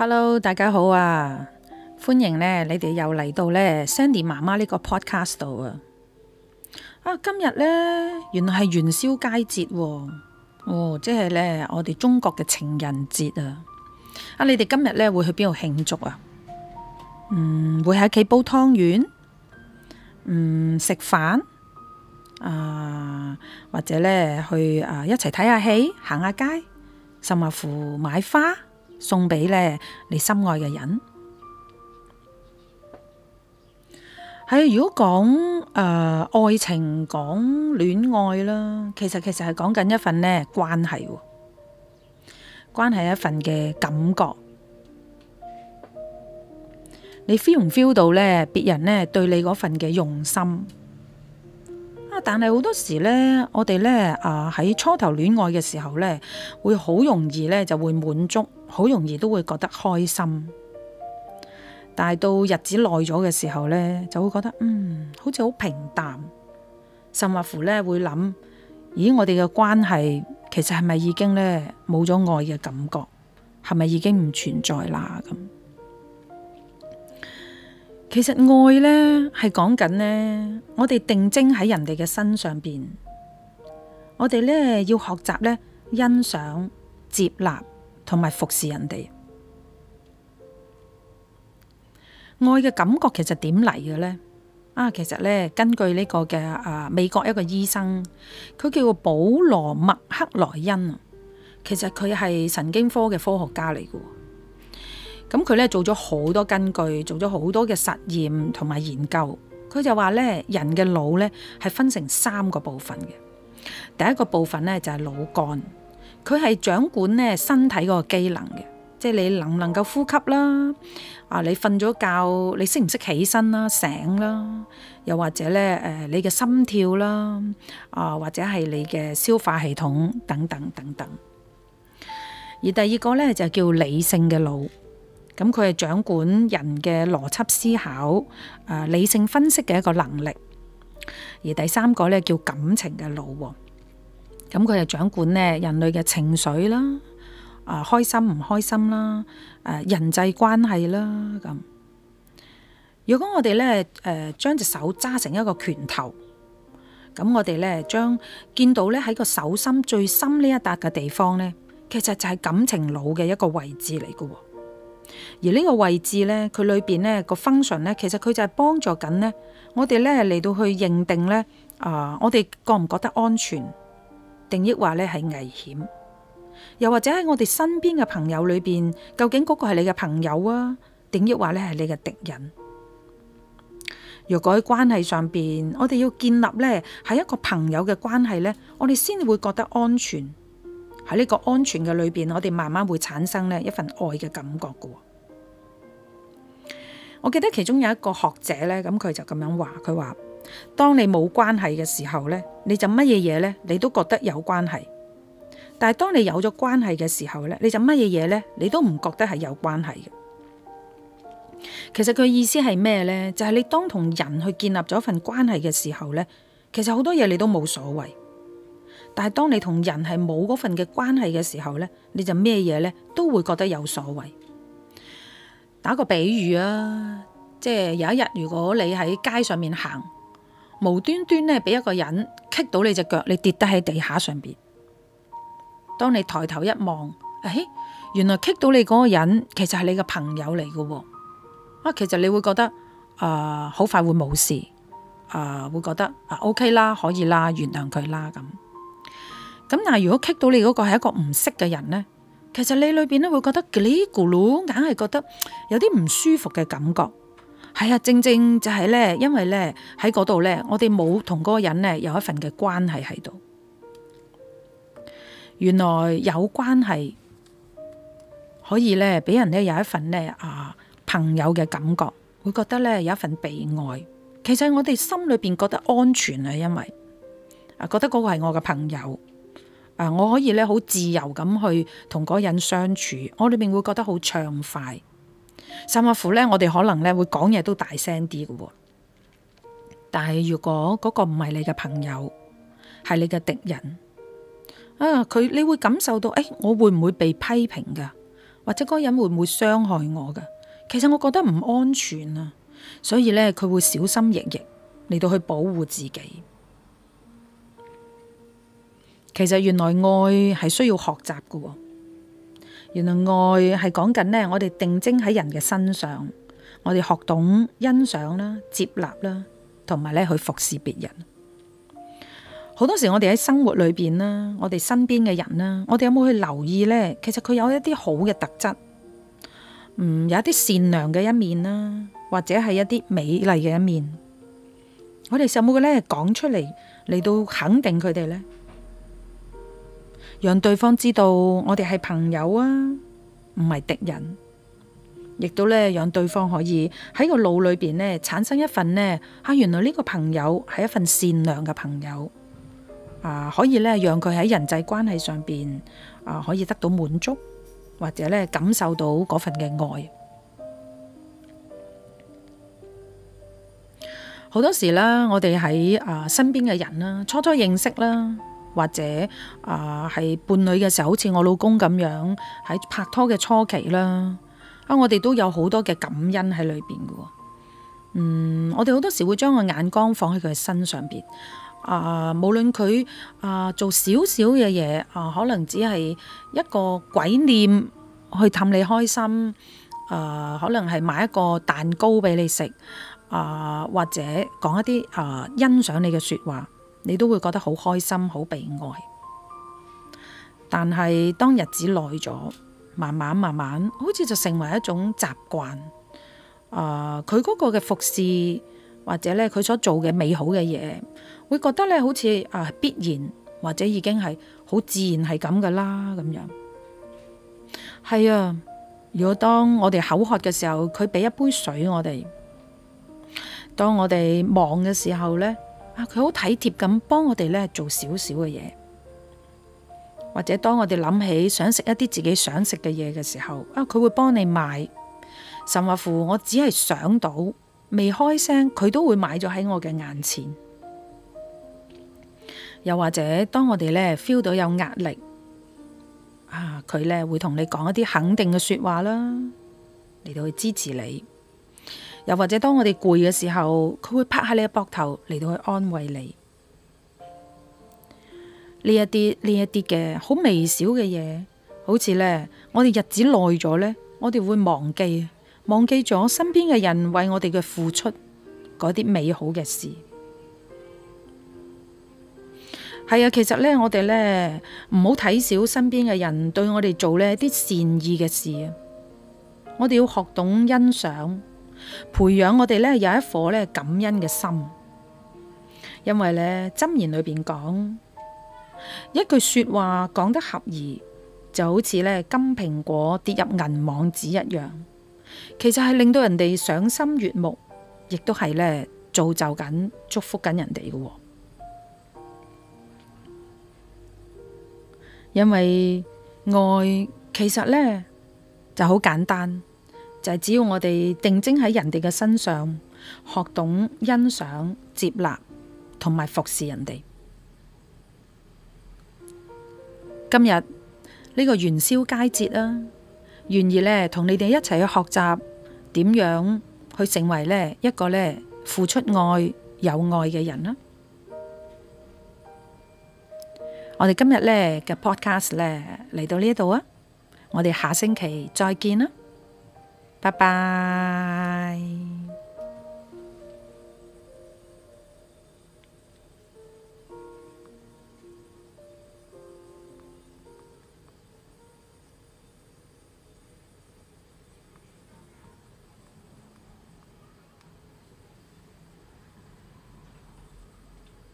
Hello，大家好啊！歡迎咧，你哋又嚟到咧 Sandy 媽媽呢個 podcast 度啊！啊，今日咧，原來係元宵佳節喎、哦，哦，即係咧，我哋中國嘅情人節啊！啊，你哋今日咧會去邊度慶祝啊？嗯，會喺屋企煲湯圓，嗯，食飯，啊，或者咧去啊一齊睇下戲、行下、啊、街、甚或乎買花。送俾呢你心愛嘅人。係，如果講誒愛情，講戀愛啦，其實其實係講緊一份呢關係，關係一份嘅感覺。你 feel 唔 feel 到呢？別人呢對你嗰份嘅用心啊，但係好多時呢，我哋呢啊喺初頭戀愛嘅時候呢，會好容易呢就會滿足。好容易都會覺得開心，但係到日子耐咗嘅時候呢，就會覺得嗯，好似好平淡，甚或乎呢會諗，咦，我哋嘅關係其實係咪已經呢冇咗愛嘅感覺，係咪已經唔存在啦？咁其實愛呢係講緊呢，我哋定睛喺人哋嘅身上邊，我哋呢要學習呢，欣賞、接納。同埋服侍人哋，愛嘅感覺其實點嚟嘅呢？啊，其實呢，根據呢個嘅啊美國一個醫生，佢叫保羅麥克萊恩，其實佢係神經科嘅科學家嚟嘅，咁佢呢做咗好多根據，做咗好多嘅實驗同埋研究。佢就話呢，人嘅腦呢係分成三個部分嘅。第一個部分呢，就係腦幹。佢係掌管咧身體個機能嘅，即係你能唔能夠呼吸啦，啊，你瞓咗覺，你識唔識起身啦、醒啦，又或者咧誒、呃、你嘅心跳啦，啊，或者係你嘅消化系統等等等等。而第二個咧就叫理性嘅腦，咁佢係掌管人嘅邏輯思考、誒、呃、理性分析嘅一個能力。而第三個咧叫感情嘅腦。咁佢就掌管咧人類嘅情緒啦，啊，開心唔開心啦，誒、啊，人際關係啦。咁如果我哋咧誒，將隻手揸成一個拳頭，咁我哋咧將見到咧喺個手心最深呢一笪嘅地方咧，其實就係感情腦嘅一個位置嚟嘅。而呢個位置咧，佢裏邊咧個 function 咧，其實佢就係幫助緊咧我哋咧嚟到去認定咧啊，我哋覺唔覺得安全？定抑話咧係危險，又或者喺我哋身邊嘅朋友裏邊，究竟嗰個係你嘅朋友啊？定抑話咧係你嘅敵人。若果喺關係上邊，我哋要建立咧係一個朋友嘅關係咧，我哋先會覺得安全。喺呢個安全嘅裏邊，我哋慢慢會產生呢一份愛嘅感覺嘅。我記得其中有一個學者咧，咁佢就咁樣話，佢話。當你冇關係嘅時候咧，你就乜嘢嘢咧，你都覺得有關係。但係當你有咗關係嘅時候咧，你就乜嘢嘢咧，你都唔覺得係有關係嘅。其實佢意思係咩咧？就係、是、你當同人去建立咗份關係嘅時候咧，其實好多嘢你都冇所謂。但係當你同人係冇嗰份嘅關係嘅時候咧，你就咩嘢咧都會覺得有所謂。打個比喻啊，即係有一日如果你喺街上面行，無端端咧，俾一個人棘到你隻腳，你跌得喺地下上邊。當你抬頭一望，誒、哎，原來棘到你嗰個人，其實係你嘅朋友嚟嘅喎。啊，其實你會覺得啊，好、呃、快會冇事，啊、呃，會覺得啊，OK 啦，可以啦，原諒佢啦咁。咁嗱，但如果棘到你嗰個係一個唔識嘅人呢，其實你裏邊咧會覺得咕攰，硬係覺得有啲唔舒服嘅感覺。係啊，正正就係咧，因為咧喺嗰度咧，我哋冇同嗰個人咧有一份嘅關係喺度。原來有關係可以咧俾人咧有一份咧啊朋友嘅感覺，會覺得咧有一份被愛。其實我哋心裏邊覺得安全啊，因為啊覺得嗰個係我嘅朋友啊，我可以咧好自由咁去同嗰個人相處，我裏邊會覺得好暢快。甚至乎咧，我哋可能咧會講嘢都大聲啲嘅喎，但係如果嗰個唔係你嘅朋友，係你嘅敵人啊，佢你會感受到，誒、哎，我會唔會被批評噶，或者嗰個人會唔會傷害我噶？其實我覺得唔安全啊，所以咧佢會小心翼翼嚟到去保護自己。其實原來愛係需要學習嘅。原來愛係講緊呢，我哋定睛喺人嘅身上，我哋學懂欣賞啦、接納啦，同埋咧去服侍別人。好多時我哋喺生活裏邊啦，我哋身邊嘅人啦，我哋有冇去留意呢？其實佢有一啲好嘅特質，嗯，有一啲善良嘅一面啦，或者係一啲美麗嘅一面，我哋有冇去講出嚟嚟到肯定佢哋呢？讓對方知道我哋係朋友啊，唔係敵人，亦都呢，讓對方可以喺個腦裏邊呢產生一份呢，吓，原來呢個朋友係一份善良嘅朋友啊，可以呢讓佢喺人際關係上邊啊可以得到滿足，或者呢感受到嗰份嘅愛。好多時啦，我哋喺啊身邊嘅人啦，初初認識啦。或者啊，係伴侶嘅時候，好似我老公咁樣喺拍拖嘅初期啦，啊，我哋都有好多嘅感恩喺裏邊嘅喎。嗯，我哋好多時會將個眼光放喺佢嘅身上邊，啊，無論佢啊做少少嘅嘢，啊，可能只係一個鬼念去氹你開心，啊，可能係買一個蛋糕俾你食，啊，或者講一啲啊欣賞你嘅説話。你都會覺得好開心、好悲哀。但係當日子耐咗，慢慢慢慢，好似就成為一種習慣。啊、呃，佢嗰個嘅服侍，或者咧佢所做嘅美好嘅嘢，會覺得咧好似啊、呃、必然，或者已經係好自然係咁噶啦咁樣。係啊，如果當我哋口渴嘅時候，佢俾一杯水我哋；當我哋忙嘅時候咧，佢好體貼咁幫我哋咧做少少嘅嘢，或者當我哋諗起想食一啲自己想食嘅嘢嘅時候，啊佢會幫你買，甚或乎我只係想到未開聲，佢都會買咗喺我嘅眼前。又或者當我哋咧 feel 到有壓力，啊佢咧會同你講一啲肯定嘅說話啦，嚟到去支持你。又或者，當我哋攰嘅時候，佢會拍下你嘅膊頭嚟到去安慰你。呢一啲呢一啲嘅好微小嘅嘢，好似呢：「我哋日子耐咗呢，我哋會忘記忘記咗身邊嘅人為我哋嘅付出嗰啲美好嘅事。係啊，其實呢，我哋呢，唔好睇小身邊嘅人對我哋做呢啲善意嘅事啊！我哋要學懂欣賞。培養我哋呢有一顆咧感恩嘅心，因為呢箴言裏邊講，一句話說話講得合宜，就好似呢金蘋果跌入銀網子一樣，其實係令到人哋賞心悦目，亦都係呢造就緊祝福緊人哋嘅。因為愛其實呢就好簡單。就係只要我哋定睛喺人哋嘅身上，學懂欣賞、接納同埋服侍人哋。今日呢、呢個元宵佳節啦、啊，願意呢同你哋一齊去學習點樣去成為呢一個呢付出愛、有愛嘅人啦。我哋今日呢嘅 podcast 呢嚟到呢度啊，我哋、啊、下星期再見啦。拜拜。